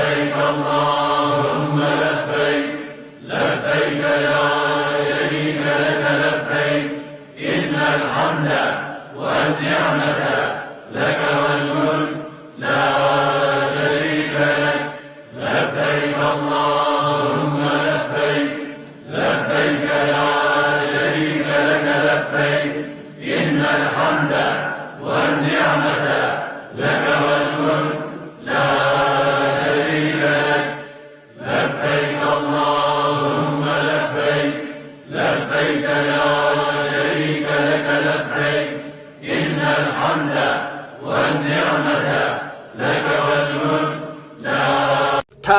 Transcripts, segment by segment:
لبيك اللهم لبيك لبيك يا شريك لك لبيك إن الحمد والنعمة لك والملك لا شريك لك لبيك اللهم لبيك لبيك يا شريك لك لبيك إن الحمد والنعمة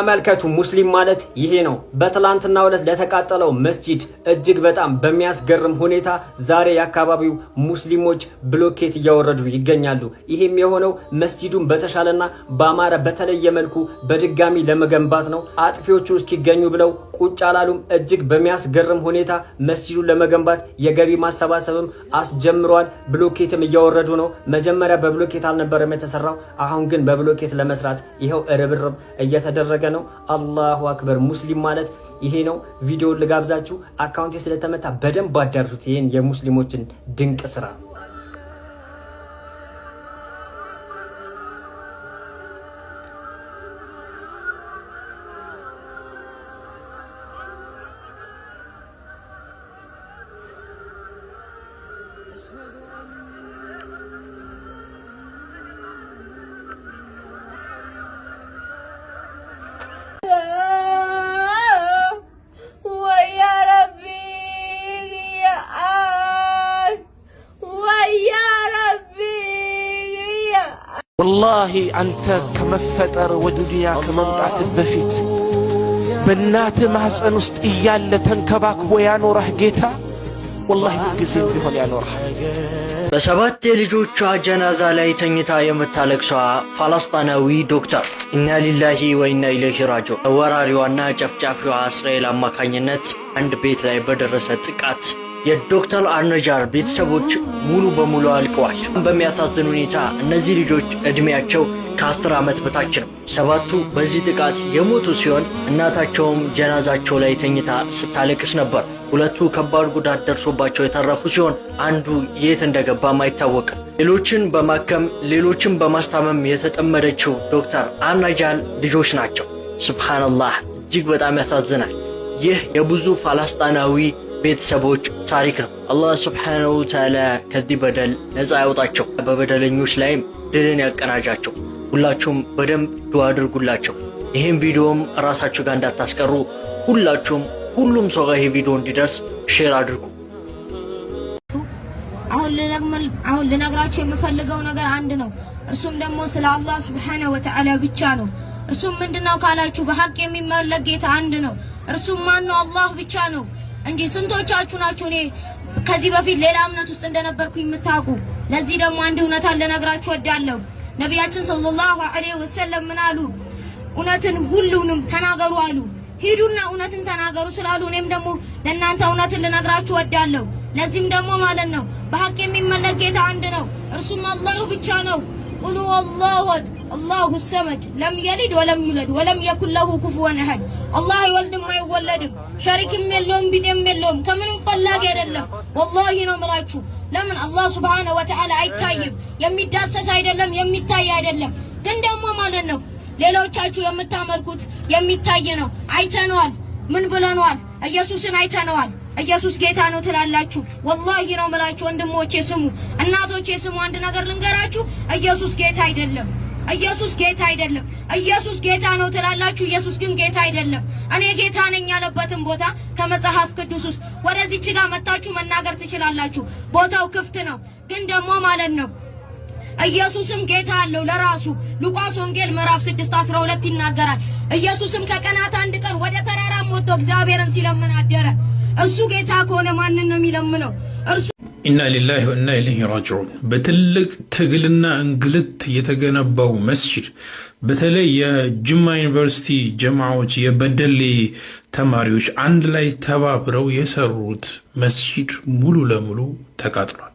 ተመልከቱ። ሙስሊም ማለት ይሄ ነው። በትላንትናው ዕለት ለተቃጠለው መስጂድ እጅግ በጣም በሚያስገርም ሁኔታ ዛሬ የአካባቢው ሙስሊሞች ብሎኬት እያወረዱ ይገኛሉ። ይሄም የሆነው መስጂዱን በተሻለና በአማረ በተለየ መልኩ በድጋሚ ለመገንባት ነው። አጥፊዎቹ እስኪገኙ ብለው ቁጭ አላሉም። እጅግ በሚያስገርም ሁኔታ መስጂዱን ለመገንባት የገቢ ማሰባሰብም አስጀምሯል ብሎኬትም እያወረዱ ነው። መጀመሪያ በብሎኬት አልነበረም የተሰራው። አሁን ግን በብሎኬት ለመስራት ይኸው እርብርብ እየተደረገ ነው። አላሁ አክበር። ሙስሊም ማለት ይሄ ነው። ቪዲዮውን ልጋብዛችሁ። አካውንቴ ስለተመታ በደንብ አዳርሱት። ይህን የሙስሊሞችን ድንቅ ስራ ወላሂ አንተ ከመፈጠር ወደ ዱንያ ከመምጣት በፊት በእናትህ ማህፀን ውስጥ እያለ ተንከባክቦ ያኖረህ ጌታ ወላሂ ጊዜ ቢሆን ያኖረሃል። በሰባት የልጆቿ ጀናዛ ላይ ተኝታ የምታለቅሷ ፋላስጣናዊ ዶክተር ኢና ሊላሂ ወኢና ኢለይሂ ራጂዑን በወራሪዋና ጨፍጫፊዋ እስራኤል አማካኝነት አንድ ቤት ላይ በደረሰ ጥቃት የዶክተር አርነጃር ቤተሰቦች ሙሉ በሙሉ አልቀዋል። በሚያሳዝን ሁኔታ እነዚህ ልጆች ዕድሜያቸው ከአስር ዓመት በታች ነው። ሰባቱ በዚህ ጥቃት የሞቱ ሲሆን እናታቸውም ጀናዛቸው ላይ ተኝታ ስታለቅስ ነበር። ሁለቱ ከባድ ጉዳት ደርሶባቸው የተረፉ ሲሆን አንዱ የት እንደገባም አይታወቅም። ሌሎችን በማከም ሌሎችን በማስታመም የተጠመደችው ዶክተር አርነጃር ልጆች ናቸው። ስብሓንላህ እጅግ በጣም ያሳዝናል። ይህ የብዙ ፋላስጣናዊ ቤተሰቦች ታሪክ ነው። አላህ ስብሓነሁ ወተዓላ ከዚህ በደል ነፃ ያውጣቸው፣ በበደለኞች ላይም ድልን ያቀናጃቸው። ሁላችሁም በደንብ ዱዓ አድርጉላቸው። ይህም ቪዲዮም ራሳችሁ ጋር እንዳታስቀሩ ሁላችሁም ሁሉም ሰው ጋር ይህ ቪዲዮ እንዲደርስ ሼር አድርጉ። አሁን ልነግራቸው የምፈልገው ነገር አንድ ነው። እርሱም ደግሞ ስለ አላህ ስብሓነሁ ወተዓላ ብቻ ነው። እርሱም ምንድነው ካላችሁ በሀቅ የሚመለክ ጌታ አንድ ነው። እርሱም ማን ነው? አላህ ብቻ ነው። እንጂ ስንቶቻችሁ ናችሁ እኔ ከዚህ በፊት ሌላ እምነት ውስጥ እንደነበርኩኝ የምታውቁ? ለዚህ ደግሞ አንድ እውነታ ልነግራችሁ ወዳለሁ። ነቢያችን ሰለላሁ ዐለይሂ ወሰለም ምን አሉ? እውነትን ሁሉንም ተናገሩ አሉ። ሂዱና እውነትን ተናገሩ ስላሉ እኔም ደግሞ ለእናንተ እውነትን ልነግራችሁ ወዳለሁ። ለዚህም ደግሞ ማለት ነው በሐቅ የሚመለክ ጌታ አንድ ነው፣ እርሱም አላሁ ብቻ ነው። ቁሉ ወላሁ አላሁ ሰመድ ለም የሊድ ወለም ዩለድ ወለም የኩን ለሁ ኩፉወን አሐድ። አላህ አይወልድም አይወለድም፣ ሸሪክም የለውም፣ ቢጤም የለውም፣ ከምንም ፈላጊ አይደለም። ወላሂ ነው ምላችሁ። ለምን አላህ ሱብሓነሁ ወተዓላ አይታይም፣ የሚዳሰስ አይደለም፣ የሚታይ አይደለም። ግን ደግሞ ማለት ነው ሌሎቻችሁ የምታመልኩት የሚታይ ነው። አይተነዋል። ምን ብለነዋል? ኢየሱስን አይተነዋል። ኢየሱስ ጌታ ነው ትላላችሁ። ወላሂ ነው ምላችሁ ወንድሞቼ ስሙ፣ እናቶቼ ስሙ። አንድ ነገር ልንገራችሁ፣ ኢየሱስ ጌታ አይደለም። ኢየሱስ ጌታ አይደለም። ኢየሱስ ጌታ ነው ትላላችሁ፣ ኢየሱስ ግን ጌታ አይደለም። እኔ ጌታ ነኝ ያለበትን ቦታ ከመጽሐፍ ቅዱስ ውስጥ ወደዚች ጋር መጣችሁ መናገር ትችላላችሁ። ቦታው ክፍት ነው። ግን ደግሞ ማለት ነው ኢየሱስም ጌታ አለው ለራሱ ሉቃስ ወንጌል ምዕራፍ 6 12 ይናገራል። ኢየሱስም ከቀናት አንድ ቀን ወደ ተራራም ወጥቶ እግዚአብሔርን ሲለምን አደረ። እሱ ጌታ ከሆነ ማንን ነው የሚለምነው? እርሱ ኢና ሊላሂ ወኢና ኢለይሂ ራጅዑን። በትልቅ ትግልና እንግልት የተገነባው መስጂድ በተለይ የጅማ ዩኒቨርሲቲ ጀማዎች የበደሌ ተማሪዎች አንድ ላይ ተባብረው የሰሩት መስጂድ ሙሉ ለሙሉ ተቃጥሏል።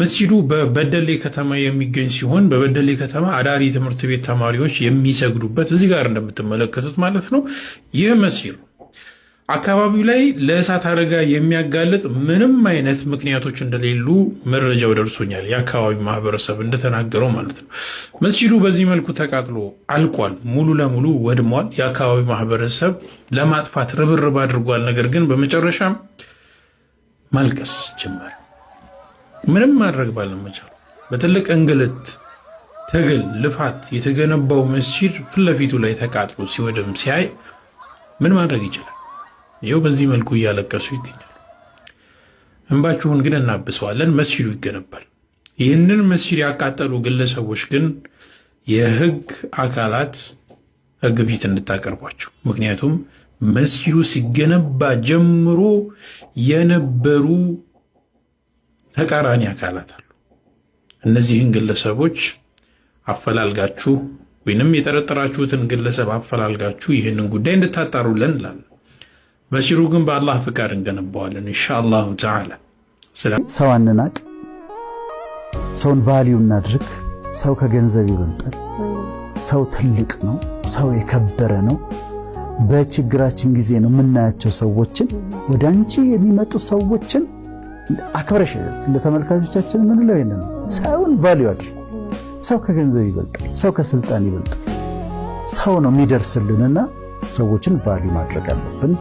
መስጂዱ በበደሌ ከተማ የሚገኝ ሲሆን በበደሌ ከተማ አዳሪ ትምህርት ቤት ተማሪዎች የሚሰግዱበት እዚህ ጋር እንደምትመለከቱት ማለት ነው ይህ መስጂድ አካባቢው ላይ ለእሳት አደጋ የሚያጋልጥ ምንም አይነት ምክንያቶች እንደሌሉ መረጃው ደርሶኛል። የአካባቢው ማህበረሰብ እንደተናገረው ማለት ነው። መስጂዱ በዚህ መልኩ ተቃጥሎ አልቋል፣ ሙሉ ለሙሉ ወድሟል። የአካባቢው ማህበረሰብ ለማጥፋት ርብርብ አድርጓል። ነገር ግን በመጨረሻም ማልቀስ ጀመር። ምንም ማድረግ ባለመቻሉ በትልቅ እንግልት፣ ትግል፣ ልፋት የተገነባው መስጂድ ፊት ላይ ተቃጥሎ ሲወድም ሲያይ ምን ማድረግ ይችላል? ይኸው በዚህ መልኩ እያለቀሱ ይገኛሉ። እንባችሁን ግን እናብሰዋለን፣ መስጂዱ ይገነባል። ይህንን መስጂድ ያቃጠሉ ግለሰቦች ግን የህግ አካላት ህግ ፊት እንድታቀርቧቸው። ምክንያቱም መስጂዱ ሲገነባ ጀምሮ የነበሩ ተቃራኒ አካላት አሉ። እነዚህን ግለሰቦች አፈላልጋችሁ ወይንም የጠረጠራችሁትን ግለሰብ አፈላልጋችሁ ይህንን ጉዳይ እንድታጣሩልን እንላለን። በሽሩ ግን በአላህ ፍቃድ እንገነባዋለን ኢንሻአላሁ ተዓላ። ሰው አንናቅ፣ ሰውን ቫሊዩ እናድርግ። ሰው ከገንዘብ ይበልጣል። ሰው ትልቅ ነው። ሰው የከበረ ነው። በችግራችን ጊዜ ነው የምናያቸው ሰዎችን። ወደ አንቺ የሚመጡ ሰዎችን አክብረሽ ተመልካቾቻችን የምንለው ነው፣ ሰውን ቫሊዩ አድርግ። ሰው ከገንዘብ ይበልጣል። ሰው ከስልጣን ይበልጣል። ሰው ነው የሚደርስልንና ሰዎችን ቫሊዩ ማድረግ አለብን።